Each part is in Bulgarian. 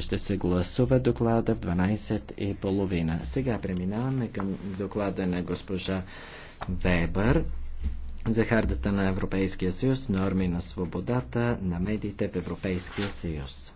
Ще се гласува доклада в и половина. Сега преминаваме към доклада на госпожа Вебър за хардата на Европейския съюз, норми на свободата на медиите в Европейския съюз.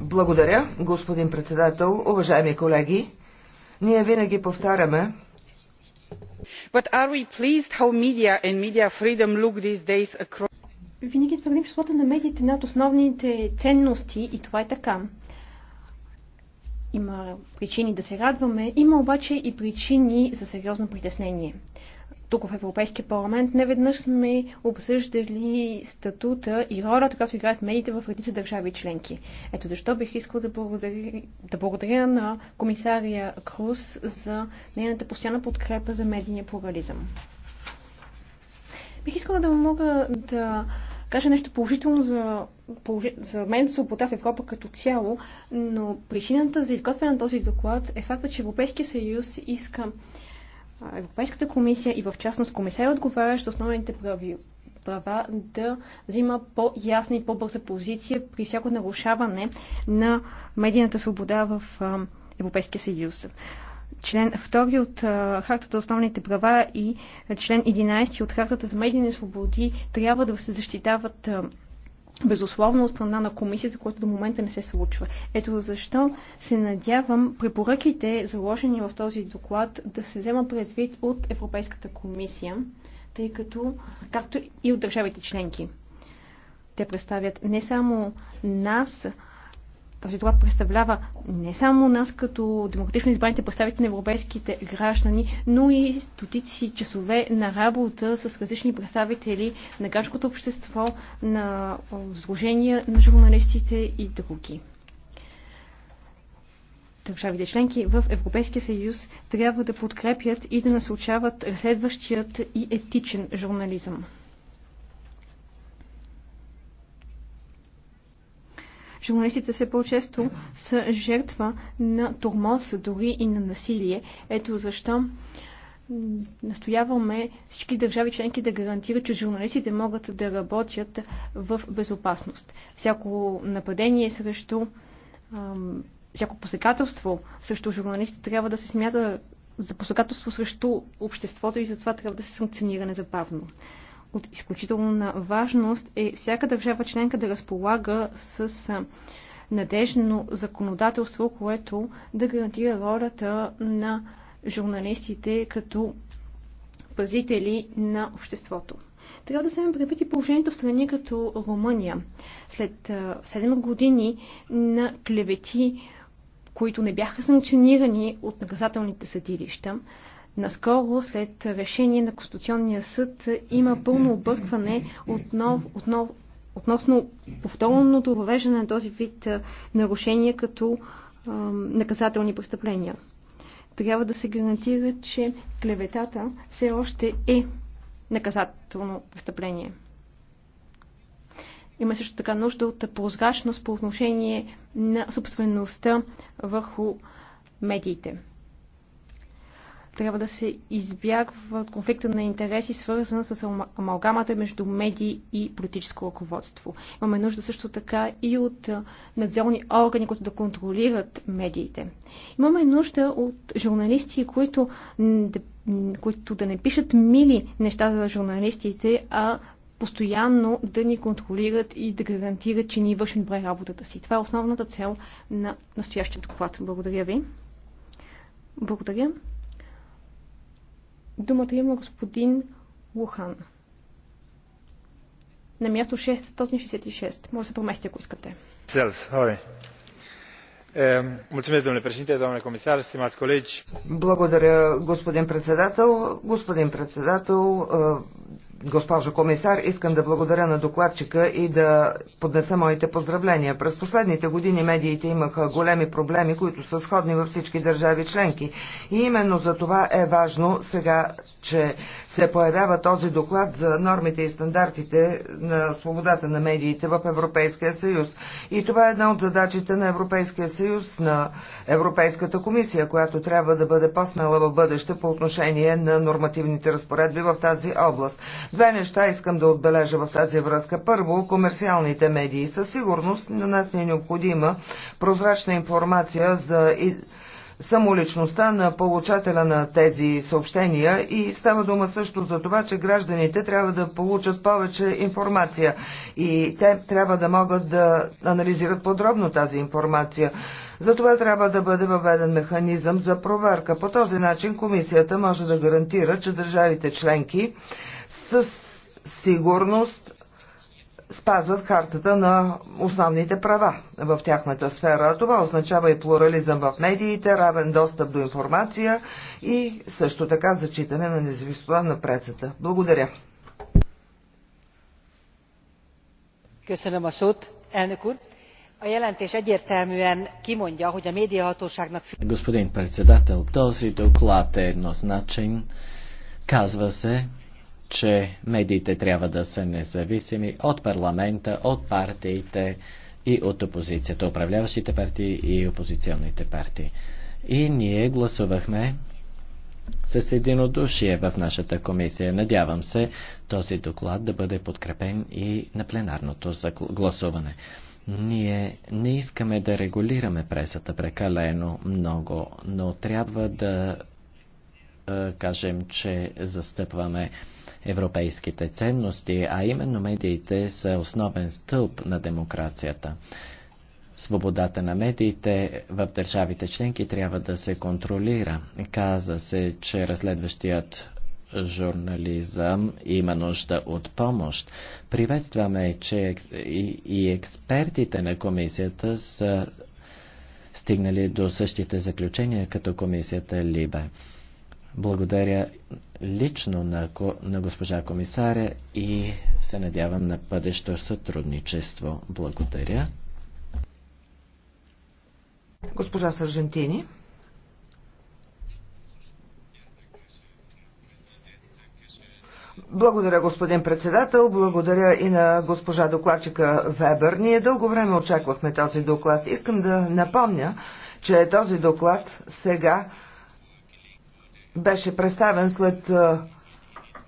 Благодаря, господин председател. Уважаеми колеги, ние винаги повтаряме, винаги твърдим, че свободата на медиите е една от основните ценности и това е така. Има причини да се радваме, има обаче и причини за сериозно притеснение тук в Европейския парламент неведнъж сме обсъждали статута и ролята, която играят медиите в редица държави членки. Ето защо бих искал да благодаря, да благодаря на комисария Круз за нейната постоянна подкрепа за медийния плурализъм. Бих искала да мога да кажа нещо положително за, за мен свобода в Европа като цяло, но причината за изготвяне на този доклад е факта, че Европейския съюз иска Европейската комисия и в частност комисаря отговаряш за основните прави, права да взима по-ясна и по-бърза позиция при всяко нарушаване на медийната свобода в Европейския съюз. Член 2 от Хартата за основните права и член 11 от Хартата за медийни свободи трябва да се защитават безусловно от страна на комисията, което до момента не се случва. Ето защо се надявам препоръките, заложени в този доклад, да се взема предвид от Европейската комисия, тъй като, както и от държавите членки. Те представят не само нас, този доклад представлява не само нас като демократично избраните представители на европейските граждани, но и стотици часове на работа с различни представители на гражданското общество, на сдружения на журналистите и други държавите членки в Европейския съюз трябва да подкрепят и да насочават разследващият и етичен журнализъм. журналистите все по-често са жертва на тормоз, дори и на насилие. Ето защо настояваме всички държави членки да гарантират, че журналистите могат да работят в безопасност. Всяко нападение срещу всяко посекателство срещу журналистите трябва да се смята за посекателство срещу обществото и затова трябва да се санкционира незабавно от изключителна важност е всяка държава членка да разполага с надежно законодателство, което да гарантира ролята на журналистите като пазители на обществото. Трябва да вземем предвид и положението в страни като Румъния. След 7 години на клевети, които не бяха санкционирани от наказателните съдилища, Наскоро, след решение на Конституционния съд, има пълно объркване отнов, отнов, относно повторното въвеждане на този вид нарушения като е, наказателни престъпления. Трябва да се гарантира, че клеветата все още е наказателно престъпление. Има също така нужда от прозрачност по отношение на собствеността върху медиите трябва да се избягва от конфликта на интереси, свързан с амалгамата между медии и политическо ръководство. Имаме нужда също така и от надзорни органи, които да контролират медиите. Имаме нужда от журналисти, които, които да не пишат мили неща за журналистите, а постоянно да ни контролират и да гарантират, че ние вършим добре работата си. Това е основната цел на настоящия доклад. Благодаря ви. Благодаря. Думата има господин Лухан. На място 666. Може да се промести, ако искате. Domnule președinte, domnule comisar, stimați colegi. Благодаря, господин председател. Господин председател, госпожо комисар. Искам да благодаря на докладчика и да поднеса моите поздравления. През последните години медиите имаха големи проблеми, които са сходни във всички държави членки. И именно за това е важно сега, че се появява този доклад за нормите и стандартите на свободата на медиите в Европейския съюз. И това е една от задачите на Европейския съюз, на Европейската комисия, която трябва да бъде по-смела в бъдеще по отношение на нормативните разпоредби в тази област. Две неща искам да отбележа в тази връзка. Първо, комерциалните медии. Със сигурност на нас не е необходима прозрачна информация за самоличността на получателя на тези съобщения и става дума също за това, че гражданите трябва да получат повече информация и те трябва да могат да анализират подробно тази информация. Затова трябва да бъде въведен механизъм за проверка. По този начин комисията може да гарантира, че държавите членки с сигурност спазват картата на основните права в тяхната сфера. Това означава и плурализъм в медиите, равен достъп до информация и също така зачитане на независимостта на пресата. Благодаря. Köszönöm a szót, Господин председател, този доклад е еднозначен. Казва се, че медиите трябва да са независими от парламента, от партиите и от опозицията, управляващите партии и опозиционните партии. И ние гласувахме с единодушие в нашата комисия. Надявам се този доклад да бъде подкрепен и на пленарното гласуване. Ние не искаме да регулираме пресата прекалено много, но трябва да е, кажем, че застъпваме европейските ценности, а именно медиите са основен стълб на демокрацията. Свободата на медиите в държавите членки трябва да се контролира. Каза се, че разследващият журнализъм има нужда от помощ. Приветстваме, че и експертите на комисията са стигнали до същите заключения като комисията Либе. Благодаря лично на, на госпожа комисаря и се надявам на бъдещо сътрудничество. Благодаря. Госпожа Саржентини, Благодаря, господин председател. Благодаря и на госпожа докладчика Вебер. Ние дълго време очаквахме този доклад. Искам да напомня, че този доклад сега беше представен след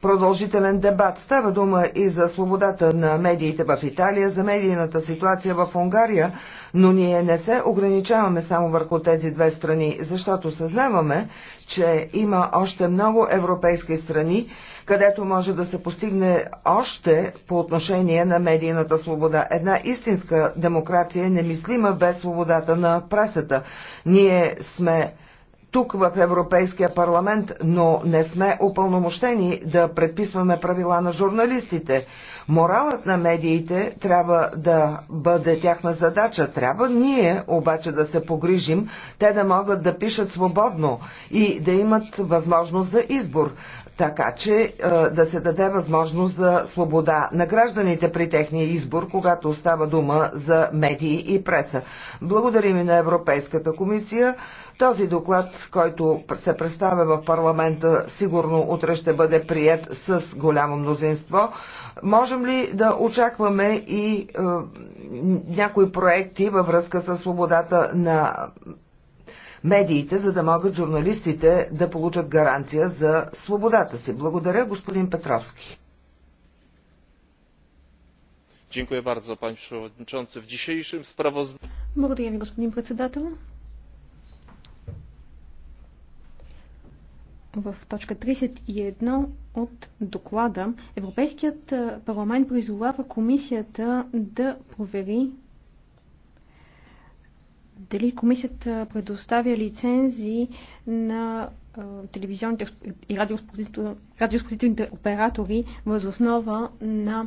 продължителен дебат. Става дума и за свободата на медиите в Италия, за медийната ситуация в Унгария, но ние не се ограничаваме само върху тези две страни, защото съзнаваме, че има още много европейски страни, където може да се постигне още по отношение на медийната свобода. Една истинска демокрация е немислима без свободата на пресата. Ние сме тук в Европейския парламент, но не сме упълномощени да предписваме правила на журналистите. Моралът на медиите трябва да бъде тяхна задача. Трябва ние обаче да се погрижим, те да могат да пишат свободно и да имат възможност за избор така че е, да се даде възможност за свобода на гражданите при техния избор, когато става дума за медии и преса. Благодарим и на Европейската комисия. Този доклад, който се представя в парламента, сигурно утре ще бъде прият с голямо мнозинство. Можем ли да очакваме и е, някои проекти във връзка с свободата на медиите, за да могат журналистите да получат гаранция за свободата си. Благодаря, господин Петровски. Благодаря ви, господин председател. в точка 31 от доклада Европейският парламент призовава комисията да провери дали комисията предоставя лицензии на телевизионните и радиоспозителните оператори въз основа на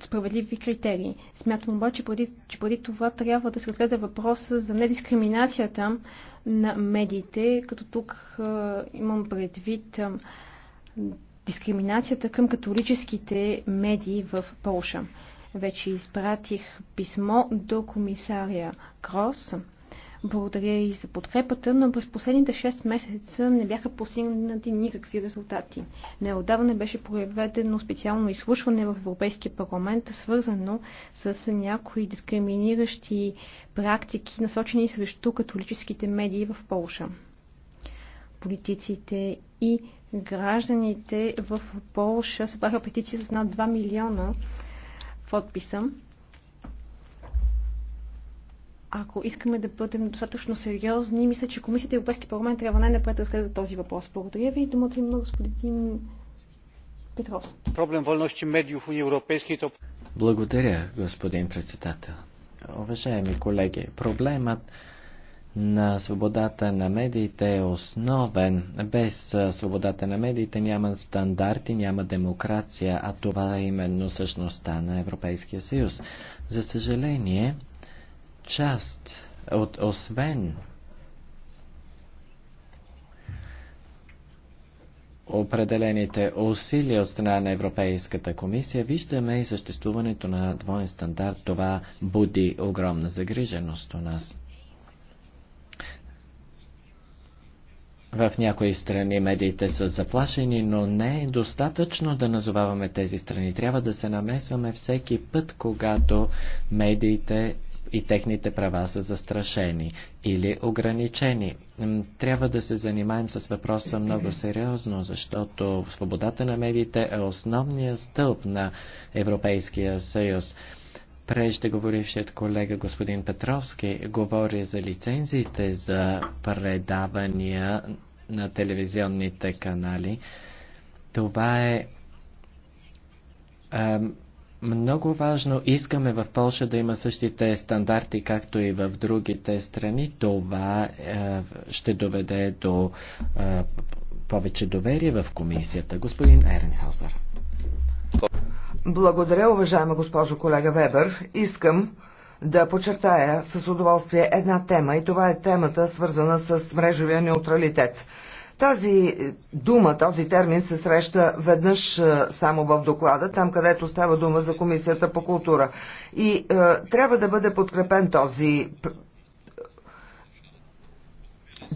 справедливи критерии. Смятам обаче, преди, че преди това трябва да се разгледа въпроса за недискриминацията на медиите, като тук имам предвид дискриминацията към католическите медии в Полша. Вече изпратих писмо до комисаря Крос. Благодаря и за подкрепата, но през последните 6 месеца не бяха постигнати никакви резултати. Неодавна беше проведено специално изслушване в Европейския парламент, свързано с някои дискриминиращи практики, насочени срещу католическите медии в Полша. Политиците и гражданите в Полша събраха петиции с над 2 милиона подписа. Ако искаме да бъдем достатъчно сериозни, мисля, че Комисията и Европейски парламент трябва най-напред да разгледа този въпрос. Благодаря ви. Думата има господин Петров. Проблем вълнощи медиев в Уния Европейски то... Благодаря, господин председател. Уважаеми колеги, проблемът на свободата на медиите е основен. Без свободата на медиите няма стандарти, няма демокрация, а това е именно същността на Европейския съюз. За съжаление, част от освен определените усилия от страна на Европейската комисия, виждаме и съществуването на двоен стандарт. Това буди огромна загриженост у нас. В някои страни медиите са заплашени, но не е достатъчно да назоваваме тези страни. Трябва да се намесваме всеки път, когато медиите и техните права са застрашени или ограничени. Трябва да се занимаем с въпроса много сериозно, защото свободата на медиите е основният стълб на Европейския съюз. Преждеговорившият колега господин Петровски говори за лицензиите за предавания на телевизионните канали. Това е, е много важно. Искаме в Польша да има същите стандарти, както и в другите страни. Това е, ще доведе до е, повече доверие в комисията. Господин Еренхаузер. Благодаря, уважаема госпожо колега Вебер. Искам да подчертая с удоволствие една тема и това е темата свързана с мрежовия неутралитет. Тази дума, този термин се среща веднъж е, само в доклада, там където става дума за Комисията по култура. И е, трябва да бъде подкрепен този е,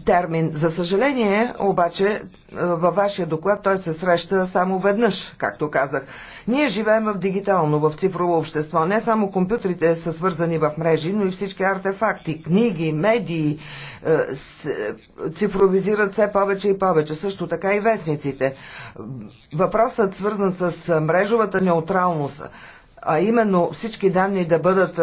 термин. За съжаление, обаче, във вашия доклад той се среща само веднъж, както казах. Ние живеем в дигитално, в цифрово общество. Не само компютрите са свързани в мрежи, но и всички артефакти, книги, медии е, е, цифровизират все повече и повече. Също така и вестниците. Въпросът свързан с е, мрежовата неутралност а именно всички данни да бъдат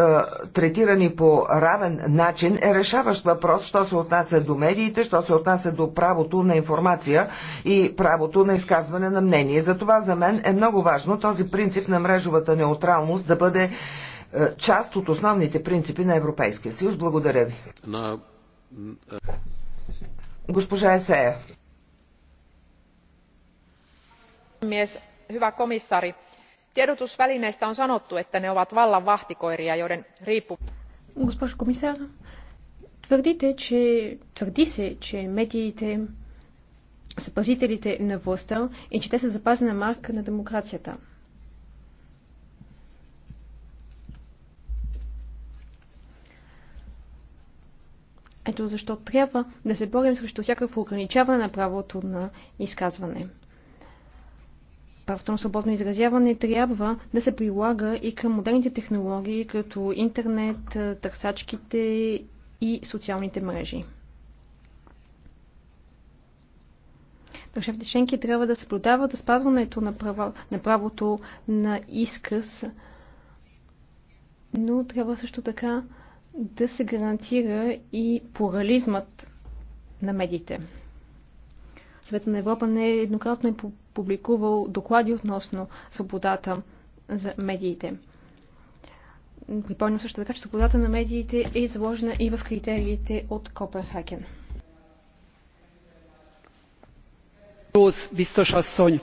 третирани по равен начин, е решаващ въпрос, що се отнася до медиите, що се отнася до правото на информация и правото на изказване на мнение. Затова за мен е много важно този принцип на мрежовата неутралност да бъде е, част от основните принципи на Европейския съюз. Благодаря ви. На... Е, Госпожа Есея. Hyvä komissari, tiedotusvälineistä on sanottu että ne ovat vallan vahtikoiria joiden riippumattomuus са пазителите на властта и че те са запазена марка на демокрацията. Ето защо трябва да се борим срещу всякакво ограничаване на правото на изказване правото на свободно изразяване трябва да се прилага и към модерните технологии, като интернет, е, търсачките и социалните мрежи. Държавите членки трябва да съблюдават за спазването на, право, на правото на изказ, но трябва също така да се гарантира и плурализмът на медиите. Света на Европа не е еднократно е публикувал доклади относно свободата за медиите. Припомням също така, че свободата на медиите е изложена и в критериите от Копенхаген. Róz biztos asszony.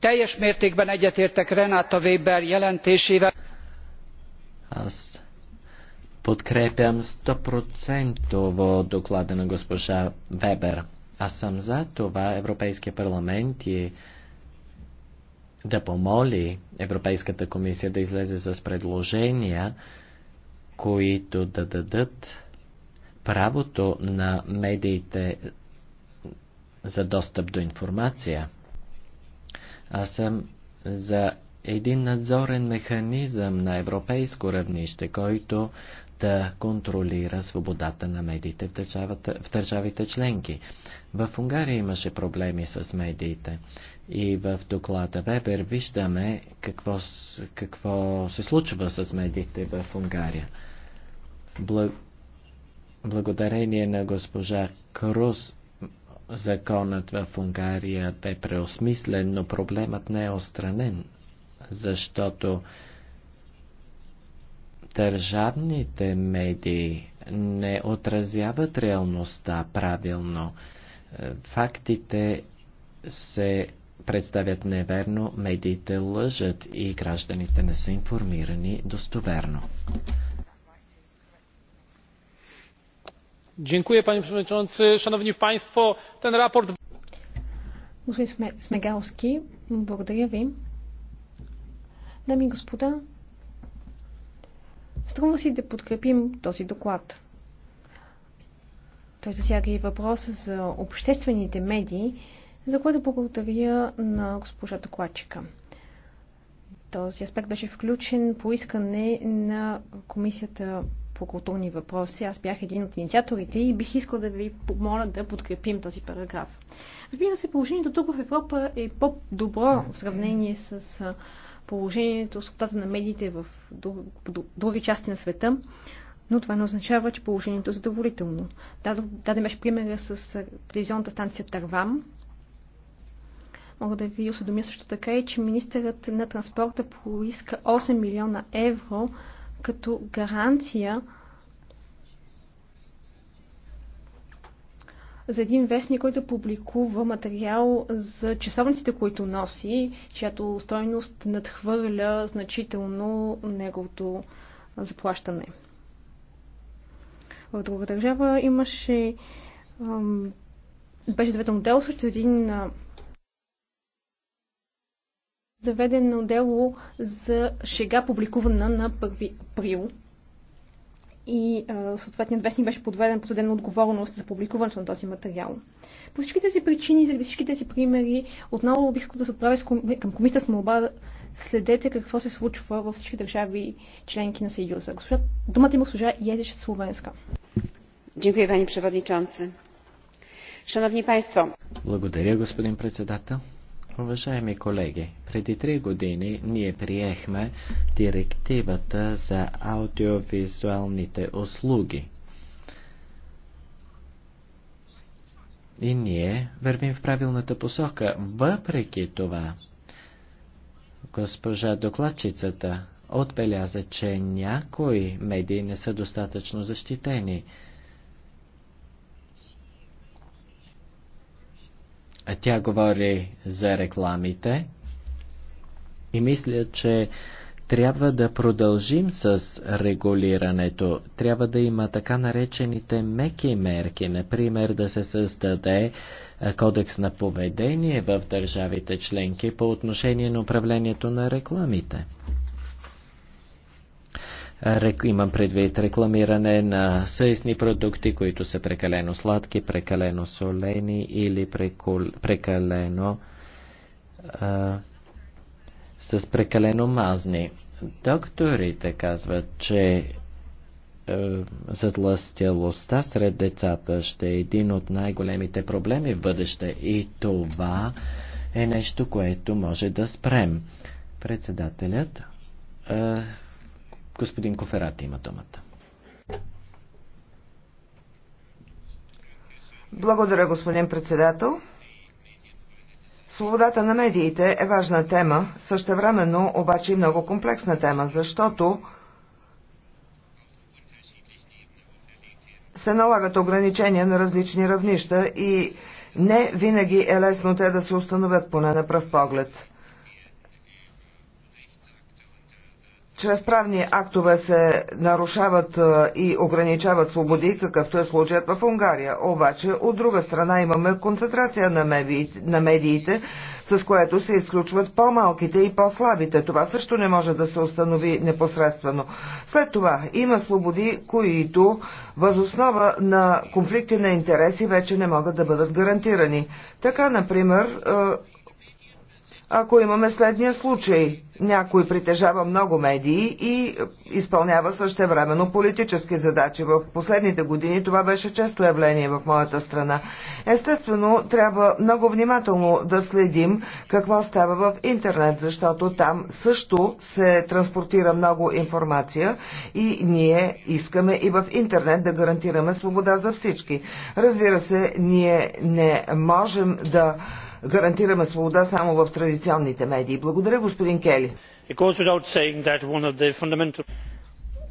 Teljes mértékben egyetértek Renáta Weber jelentésével. Аз подкрепям 100% доклада на госпожа Вебер. Аз съм за това Европейския парламент и да помоли Европейската комисия да излезе с предложения, които да дадат правото на медиите за достъп до информация. Аз съм за един надзорен механизъм на европейско равнище, който да контролира свободата на медиите в, в държавите членки. В Унгария имаше проблеми с медиите и в доклада Вебер виждаме какво, какво се случва с медиите в Унгария. Благ... Благодарение на госпожа Крус законът в Унгария бе преосмислен, но проблемът не е остранен, защото държавните медии не отразяват реалността правилно. Е, фактите се представят неверно, медиите лъжат и гражданите не са информирани достоверно. Dziękuję panie przewodniczący. Szanowni państwo, ten raport Господин Смегалски, благодаря ви. Дами и господа, Струва си да подкрепим този доклад. Той засяга и въпроса за обществените медии, за което благодаря на госпожа докладчика. Този аспект беше включен по искане на Комисията по културни въпроси. Аз бях един от инициаторите и бих искал да ви помоля да подкрепим този параграф. Разбира се, положението тук в Европа е по-добро в сравнение с положението, свободата на медиите в други части на света, но това не означава, че положението е задоволително. Даде беше примера с телевизионната станция Тарвам. Мога да ви осведомя също така и, че министърът на транспорта поиска 8 милиона евро като гаранция за един вестник, който публикува материал за часовниците, които носи, чиято стойност надхвърля значително неговото заплащане. В друга държава имаше беше заведено дело срещу един заведено дело за шега, публикувана на 1 април и съответният вестник беше подведен по съдебна отговорност за публикуването на този материал. По всички тези причини, заради всички тези примери, отново бих искал да се отправя към комисията с молба следете какво се случва във всички държави членки на Съюза. Госпожа, думата има госпожа Едеш Словенска. Благодаря, господин председател. Уважаеми колеги, преди три години ние приехме директивата за аудиовизуалните услуги. И ние вървим в правилната посока. Въпреки това, госпожа докладчицата отбеляза, че някои медии не са достатъчно защитени. Тя говори за рекламите и мисля, че трябва да продължим с регулирането. Трябва да има така наречените меки мерки, например да се създаде кодекс на поведение в държавите членки по отношение на управлението на рекламите. Имам предвид рекламиране на съисни продукти, които са прекалено сладки, прекалено солени или прекалено а, с прекалено мазни. Докторите казват, че затластялостта сред децата ще е един от най-големите проблеми в бъдеще и това е нещо, което може да спрем. Председателят Господин Коферат има думата. Благодаря, господин председател. Свободата на медиите е важна тема, същевременно обаче и много комплексна тема, защото се налагат ограничения на различни равнища и не винаги е лесно те да се установят поне на пръв поглед. чрез правни актове се нарушават и ограничават свободи, какъвто е случаят в Унгария. Обаче, от друга страна, имаме концентрация на медиите, с което се изключват по-малките и по-слабите. Това също не може да се установи непосредствено. След това има свободи, които възоснова на конфликти на интереси вече не могат да бъдат гарантирани. Така, например, ако имаме следния случай – някой притежава много медии и изпълнява също времено политически задачи. В последните години това беше често явление в моята страна. Естествено, трябва много внимателно да следим какво става в интернет, защото там също се транспортира много информация и ние искаме и в интернет да гарантираме свобода за всички. Разбира се, ние не можем да гарантираме свобода само в традиционните медии. Благодаря, господин Кели.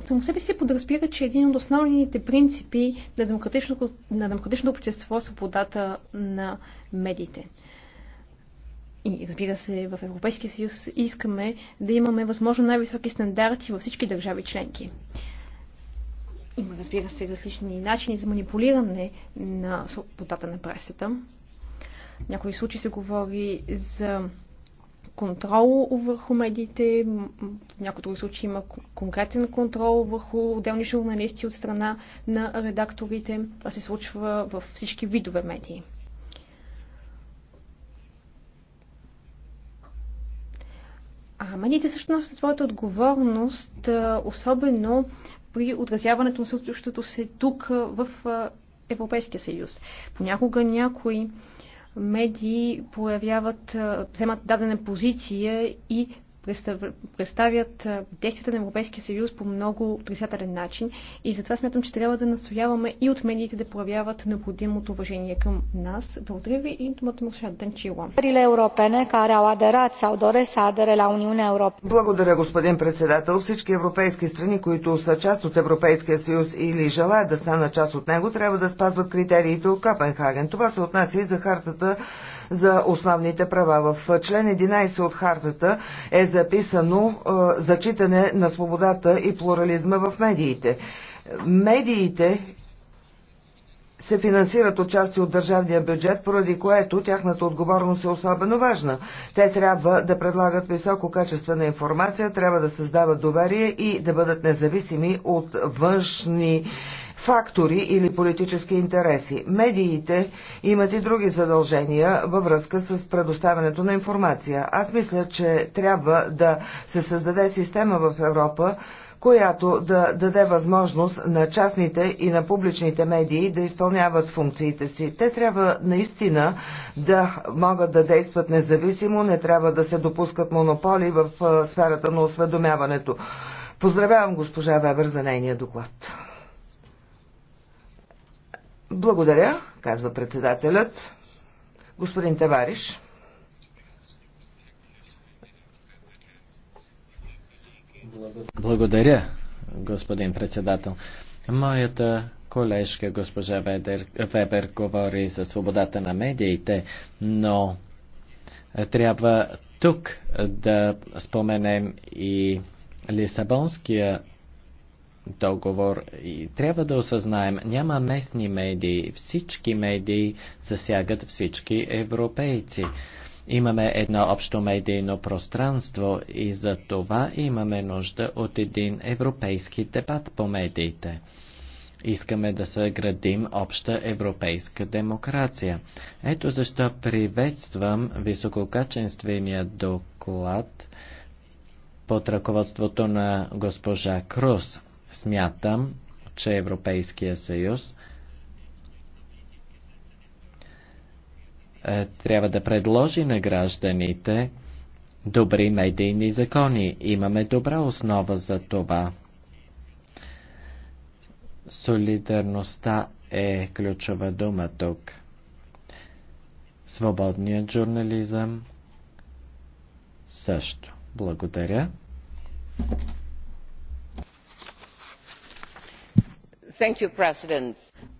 Само себе си подразбира, че един от основните принципи на демократичното, на демократичното общество е свободата на медиите. И разбира се, в Европейския съюз искаме да имаме възможно най-високи стандарти във всички държави членки. Има, разбира се, различни начини за манипулиране на свободата на пресата. В някои случаи се говори за контрол върху медиите, в някои други случаи има конкретен контрол върху отделни журналисти от страна на редакторите. Това се случва във всички видове медии. А медиите всъщност са твоята отговорност, особено при отразяването на случващото се тук в Европейския съюз. Понякога някои медии появяват, вземат дадена позиция и представят действията на Европейския съюз по много отрицателен начин и затова смятам, че трябва да настояваме и от медиите да проявяват необходимото уважение към нас. Благодаря ви и думата му след Данчила. Благодаря, господин председател. Всички европейски страни, които са част от Европейския съюз или желаят да станат част от него, трябва да спазват критериите от Копенхаген. Това се отнася и за хартата за основните права. В член 11 от хартата е записано е, зачитане на свободата и плурализма в медиите. Медиите се финансират отчасти от държавния бюджет, поради което тяхната отговорност е особено важна. Те трябва да предлагат високо качествена информация, трябва да създават доверие и да бъдат независими от външни фактори или политически интереси. Медиите имат и други задължения във връзка с предоставянето на информация. Аз мисля, че трябва да се създаде система в Европа, която да даде възможност на частните и на публичните медии да изпълняват функциите си. Те трябва наистина да могат да действат независимо, не трябва да се допускат монополи в сферата на осведомяването. Поздравявам госпожа Вебер за нейния доклад. Благодаря, казва председателят. Господин Тавариш. Благодаря, господин председател. Моята колежка госпожа Ведер, Вебер говори за свободата на медиите, но трябва тук да споменем и Лисабонския договор. И трябва да осъзнаем, няма местни медии, всички медии засягат всички европейци. Имаме едно общо медийно пространство и за това имаме нужда от един европейски дебат по медиите. Искаме да съградим обща европейска демокрация. Ето защо приветствам висококачествения доклад под ръководството на госпожа Крус. Смятам, че Европейския съюз е, трябва да предложи на гражданите добри медийни закони. Имаме добра основа за това. Солидарността е ключова дума тук. Свободният журнализъм също. Благодаря.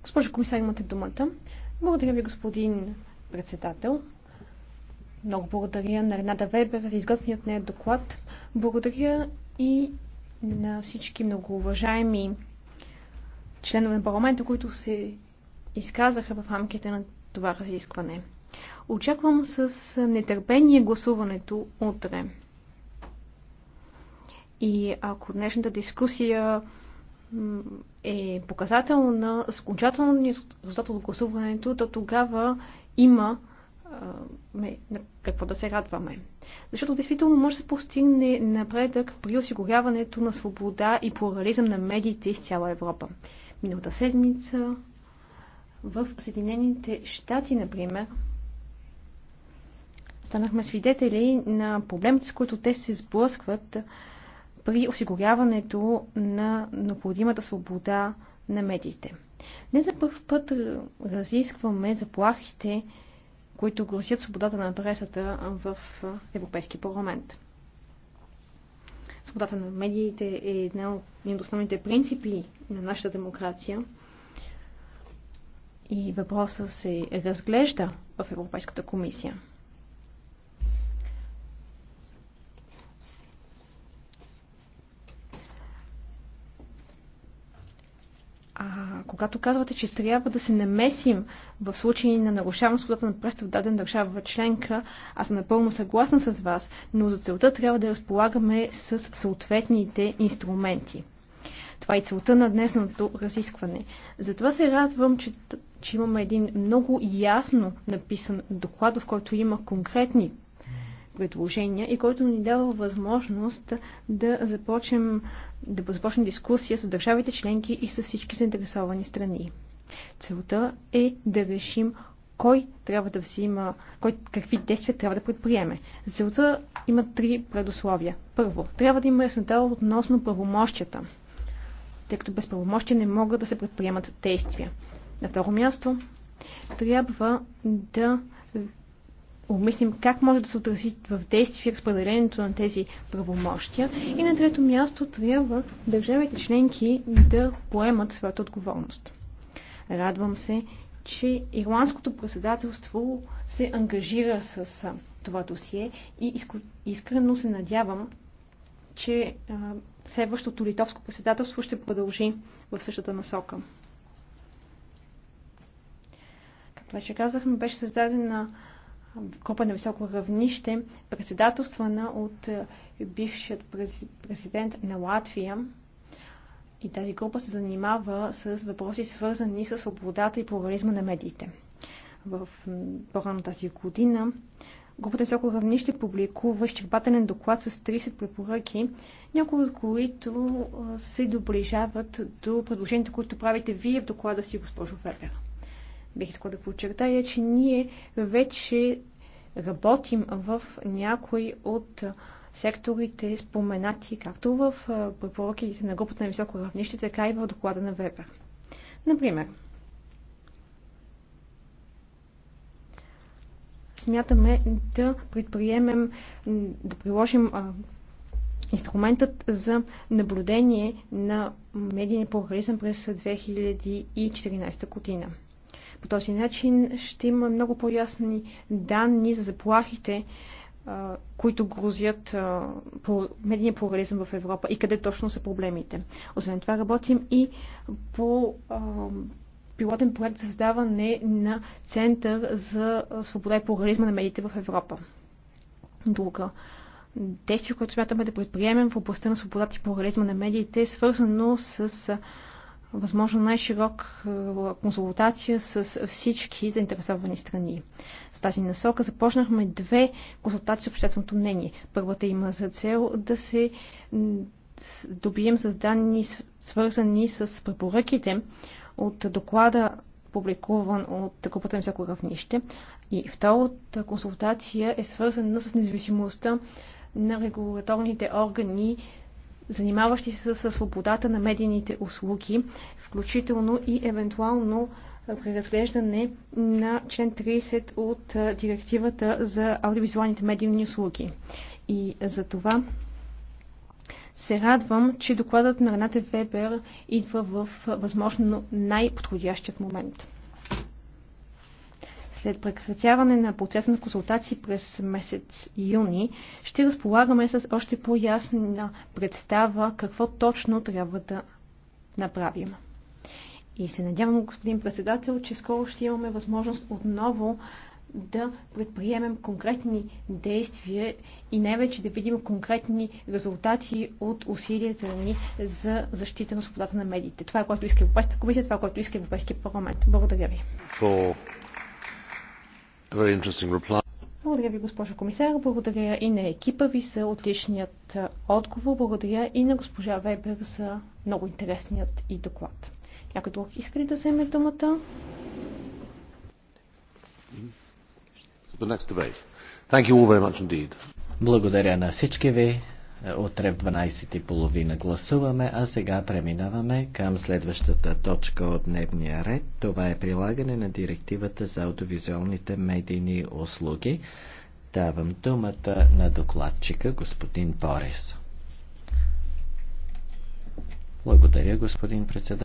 Госпожо комисар, имате думата. Благодаря ви, господин председател. Много благодаря на Рената Вебер за изготвения от нея доклад. Благодаря и на всички многоуважаеми членове на парламента, които се изказаха в рамките на това разискване. Очаквам с нетърпение гласуването утре. И ако днешната дискусия е показател на окончателния резултат от гласуването, то тогава има на какво да се радваме. Защото действително може да се постигне напредък при осигуряването на свобода и плурализъм на медиите из цяла Европа. Миналата седмица в Съединените щати, например, станахме свидетели на проблемите, с които те се сблъскват при осигуряването на необходимата свобода на медиите. Не за първ път разискваме заплахите, които гласят свободата на пресата в Европейския парламент. Свободата на медиите е една от, един от основните принципи на нашата демокрация и въпросът се разглежда в Европейската комисия. А когато казвате, че трябва да се намесим в случай на нарушаване свободата на преста в даден държава членка, аз съм напълно съгласна с вас, но за целта трябва да разполагаме с съответните инструменти. Това е целта на днесното разискване. Затова се радвам, че, че имаме един много ясно написан доклад, в който има конкретни предложения и който ни дава възможност да започнем, да започнем дискусия с държавите членки и с всички заинтересовани страни. Целта е да решим кой трябва да взима, кой, какви действия трябва да предприеме. За целта има три предусловия. Първо, трябва да има яснота относно правомощията, тъй като без правомощия не могат да се предприемат действия. На второ място, трябва да обмислим как може да се отрази в действие в разпределението на тези правомощия. И на трето място трябва държавите членки да поемат своята отговорност. Радвам се, че ирландското председателство се ангажира с това досие и искрено се надявам, че следващото литовско председателство ще продължи в същата насока. Както вече казахме, беше създадена група на високо равнище, председателствана от е, бившият президент на Латвия. И тази група се занимава с въпроси, свързани с свободата и плурализма на медиите. В по-рано тази година групата високо равнище публикува изчерпателен доклад с 30 препоръки, някои от които е, се доближават до предложенията, които правите вие в доклада си, госпожо Вебер бих искала да подчертая, че ние вече работим в някой от секторите, споменати както в препоръките на групата на високо равнище, така и в доклада на Вебер. Например, смятаме да предприемем, да приложим инструментът за наблюдение на медийния плурализъм през 2014 година. По този начин ще има много по-ясни данни за заплахите, които грозят по медийния плурализъм в Европа и къде точно са проблемите. Освен това работим и по пилотен проект за създаване на Център за свобода и плурализма на медиите в Европа. Друга действие, което смятаме да предприемем в областта на свободата и плурализма на медиите, е свързано с възможно най-широк е, консултация с всички заинтересовани страни. С тази насока започнахме две консултации с общественото мнение. Първата има за цел да се добием с данни, свързани с препоръките от доклада, публикуван от групата на всяко равнище. И втората консултация е свързана с независимостта на регулаторните органи занимаващи се с свободата на медийните услуги, включително и евентуално разглеждане на член 30 от директивата за аудиовизуалните медийни услуги. И за това се радвам, че докладът на Рената Вебер идва в възможно най-подходящият момент. След прекратяване на процеса на консултации през месец юни ще разполагаме с още по-ясна представа какво точно трябва да направим. И се надявам, господин председател, че скоро ще имаме възможност отново да предприемем конкретни действия и най-вече да видим конкретни резултати от усилията ни за защита на свободата на медиите. Това е което иска Европейската комисия, това е което иска Европейския парламент. Благодаря ви. Благодаря ви, госпожо комисар. Благодаря и на екипа ви за отличният отговор. Благодаря и на госпожа Вебер за много интересният и доклад. Някой друг иска ли да вземе думата? Благодаря на всички ви. Е, утре в 12.30 гласуваме, а сега преминаваме към следващата точка от дневния ред. Това е прилагане на директивата за аудиовизуалните медийни услуги. Давам думата на докладчика господин Борис. Благодаря, господин председател.